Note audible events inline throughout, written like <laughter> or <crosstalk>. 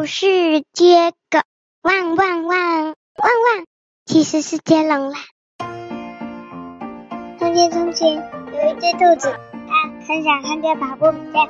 不是接狗，汪汪汪汪汪，其實是接龍啦。從前從前，有一只兔子，它很想參加跑步比賽，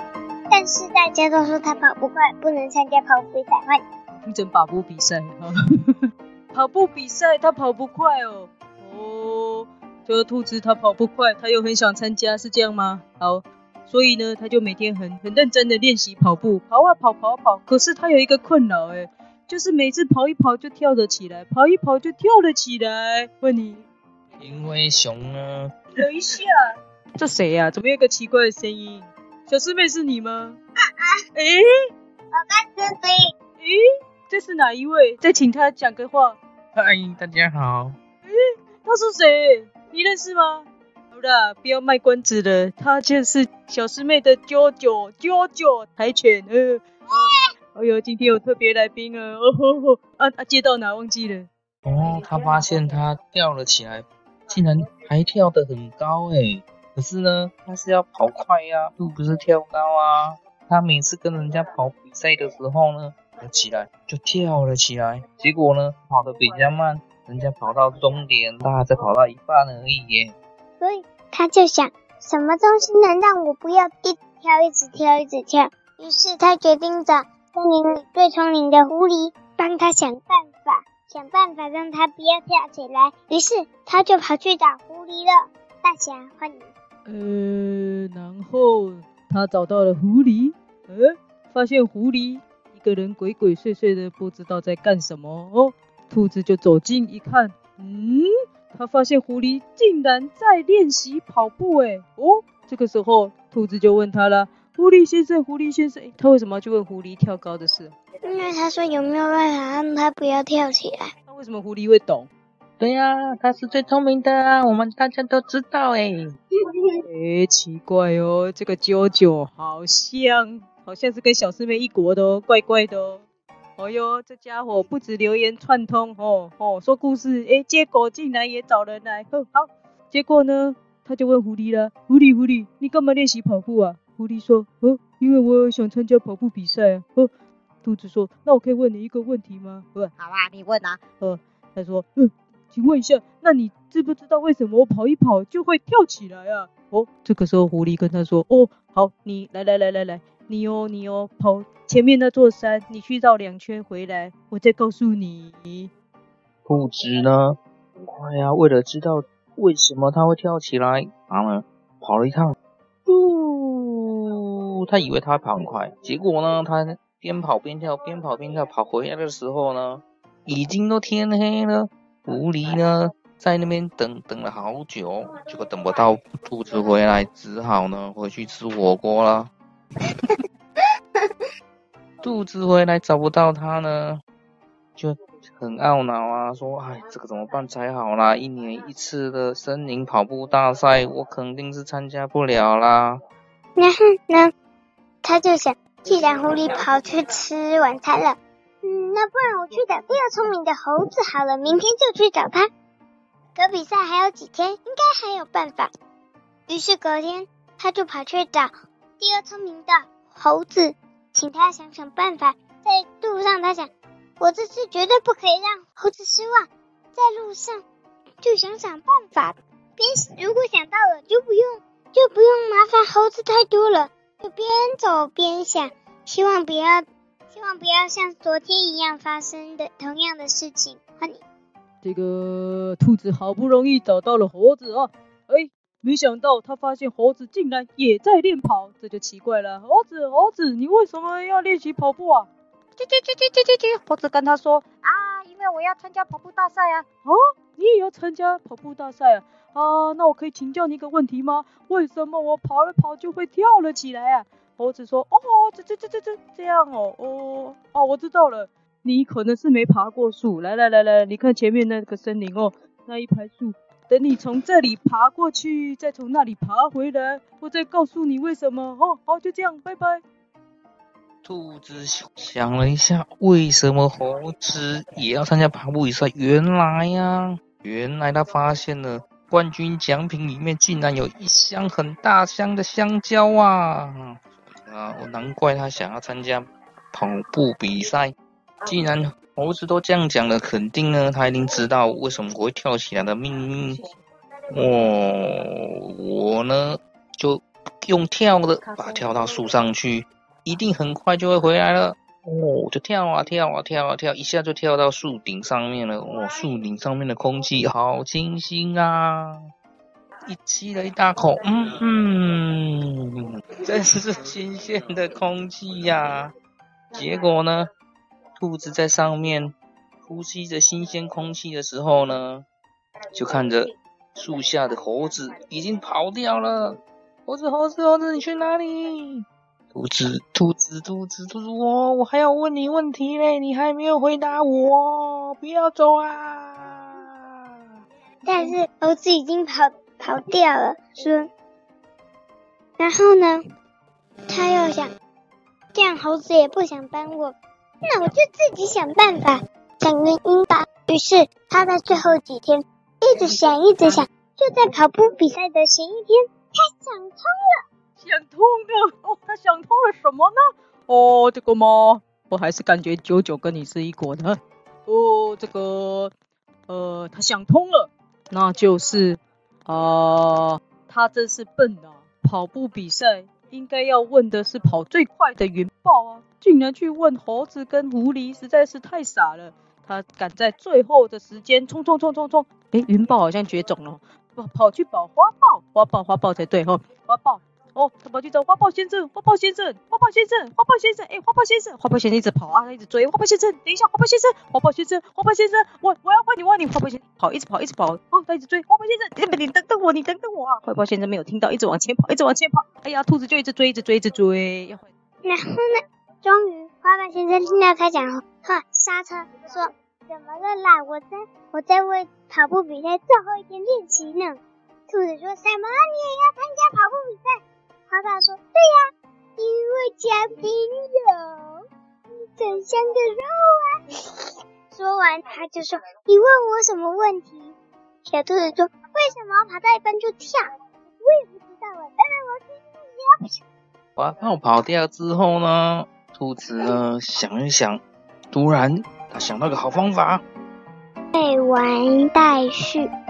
但是大家都說它跑不快，不能參加跑步比賽。你講、啊、 <laughs> 跑步比賽，哈，跑步比賽它跑不快哦。哦，這個兔子它跑不快，它又很想參加，是這樣嗎？好。所以呢，他就每天很很認真地練習跑步，跑啊跑，跑啊跑。可是他有一個困擾哎，就是每次跑一跑就跳了起來，跑一跑就跳了起來。問你，因為熊呢、啊？等一下，這誰呀、啊？怎麼有一個奇怪的聲音？小獅妹是你嗎？啊啊，誒、欸，我叫獅妹。誒、欸，這是哪一位？再請他講個話。嗨，大家好。誒、欸，他是誰？你認識嗎？不要賣關子了，他就是小獅妹的 JOJO，JOJO 柴犬呃。哎、哦、呦，今天有特別來賓、哦、啊，啊接到哪兒，忘記了。哦，他發現他跳了起來，竟然還跳得很高哎。可是呢，他是要跑快呀、啊，又不是跳高啊。他每次跟人家跑比賽的時候呢，起來就跳了起來，結果呢跑得比較慢，人家跑到終點，大家才跑到一半而已所以他就想，什麼東西能讓我不要一直跳一直跳，一直跳，一直跳？於是他決定找森林裡最聰明的狐狸幫他想辦法，想辦法讓他不要跳起來。於是他就跑去找狐狸了。大俠，歡迎。呃，然後他找到了狐狸，呃、欸，發現狐狸一個人鬼鬼祟祟的，不知道在幹什麼哦。兔子就走近一看，嗯。他發現狐狸竟然在練習跑步，誒、哦，這個時候兔子就問他了，狐狸先生，狐狸先生，欸、他為什麼要去問狐狸跳高的事？因為他說有沒有辦法讓他不要跳起來？那為什麼狐狸會懂？對呀、啊，他是最聰明的啊，我們大家都知道誒、欸、誒、 <laughs> 欸、奇怪哦，這個 JOJO 好像好像是跟小獅妹一國的哦，怪怪的哦。哎、哦、呦，這傢伙不止留言串通哦哦，說故事誒，結果竟然也找人來哼、哦，好，結果呢，他就問狐狸了，狐狸狐狸，你幹嘛練習跑步啊？狐狸說，哦，因為我想參加跑步比賽啊。兔、哦、子說，那我可以問你一個問題嗎？問、哦，好吧，你問啊。呃、哦，他說，嗯，請問一下，那你知不知道為什麼我跑一跑就會跳起來啊？哦，這個時候狐狸跟他說，哦，好，你來來來來來。你哦，你哦，跑前面那座山，你去繞兩圈回來，我再告訴你。兔子呢？很快呀、啊！為了知道為什麼他會跳起來，然、啊、後跑了一趟。嗚，他以為他跑很快，結果呢，他邊跑邊跳，邊跑邊跳，跑回來的時候呢，已經都天黑了。狐狸呢，在那邊等等了好久，結果等不到兔子回來，只好呢，回去吃火鍋了。 <laughs> 兔子回來找不到他呢，就很懊惱啊，說：“哎，這個怎麼辦才好啦？一年一次的森林跑步大賽，我肯定是參加不了啦、嗯。嗯”那、嗯、哼，那他就想，既然狐狸跑去吃晚餐了，嗯，那不然我去找比較聰明的猴子好了，明天就去找他。隔比賽還有幾天，應該還有辦法。於是隔天他就跑去找。第二聰明的猴子，請他想想辦法。在路上，他想，我這次絕對不可以讓猴子失望。在路上，就想想辦法。邊，如果想到了，就不用就不用麻煩猴子太多了。就邊走邊想，希望不要希望不要像昨天一樣發生的同樣的事情。換你。這個兔子好不容易找到了猴子啊，哎沒想到他發現猴子竟然也在練跑，這就奇怪了。猴子，猴子，你為什麼要練習跑步啊？嘰嘰嘰嘰嘰嘰嘰。猴子跟他說，啊，因為我要參加跑步大賽啊。哦，你也要參加跑步大賽啊？啊，那我可以請教你一個問題嗎？為什麼我跑了跑就會跳了起來啊？猴子說，哦，這這這這這樣哦，哦，哦我知道了，你可能是沒爬過樹。來來來來，你看前面那個森林哦，那一排樹。等你從這裡爬過去，再從那裡爬回來，我再告訴你為什麼。哦，好，就這樣，拜拜。兔子想了一下，為什麼猴子也要參加跑步比賽？原來呀、啊，原來他發現了冠軍獎品裡面竟然有一箱很大箱的香蕉啊！啊，我難怪他想要參加跑步比賽，竟然。猴子都這樣講了，肯定呢，它一定知道為什麼我會跳起來的秘密。我、哦、我呢，就用跳的把它跳到樹上去，一定很快就會回來了。哦，就跳啊跳啊跳啊跳，一下就跳到樹頂上面了。哦，樹頂上面的空氣好清新啊！一吸了一大口，嗯嗯，真是新鮮的空氣呀、啊。結果呢？兔子在上面呼吸着新鮮空氣的時候呢，就看着樹下的猴子已經跑掉了。猴子猴子猴子，你去哪裡？兔子兔子兔子兔子，我、哦、我還要問你問題嘞，你還沒有回答我，不要走啊！但是猴子已經跑跑掉了，說，然後呢，他又想，這樣猴子也不想幫我。那我就自己想辦法想原因吧。於是他在最後幾天一直想，一直想。就在跑步比賽的前一天，他想通了。想通了？哦，他想通了什麼呢？哦，這個嗎？我還是感覺 JOJO 跟你是一國的。哦，這個，呃，他想通了，那就是，啊、呃，他真是笨吶、啊，跑步比賽。應該要問的是跑最快的雲豹啊，竟然去問猴子跟狐狸，實在是太傻了。他趕在最後的時間衝冲冲冲衝！誒，雲豹好像絕種了，跑跑去保花豹，花豹花豹才對哈，花豹。哦，他跑去找花豹先生，花豹先生，花豹先生，花豹先生，哎，花豹先生，花豹先生一直跑啊，一直追花豹先生，等一下花豹先生，花豹先生，花豹先生，我我要換你，換你，花豹先生跑，一直跑，一直跑，哦，他一直追花豹先生，你等等我，你等等我啊，花豹先生沒有聽到，一直往前跑，一直往前跑，哎呀，兔子就一直追，一直追，一直追，然後呢，終於花豹先生聽到他講，哈，剎車，說，怎麼了啦？我在，我在為跑步比賽最後一天練習呢。兔子說，什麼？你也要參加跑步比賽？爸爸說：“對呀，因為家裡有，你怎麼像個肉啊！” <laughs> 說完，他就說：“你問我什麼問題？”小兔子說：“為什麼跑到一半就跳？”我也不知道啊，拜拜，我要去睡覺。哇，我跑掉之後呢？兔子呢、呃？想一想，突然他想到個好方法。未完待續。玩帶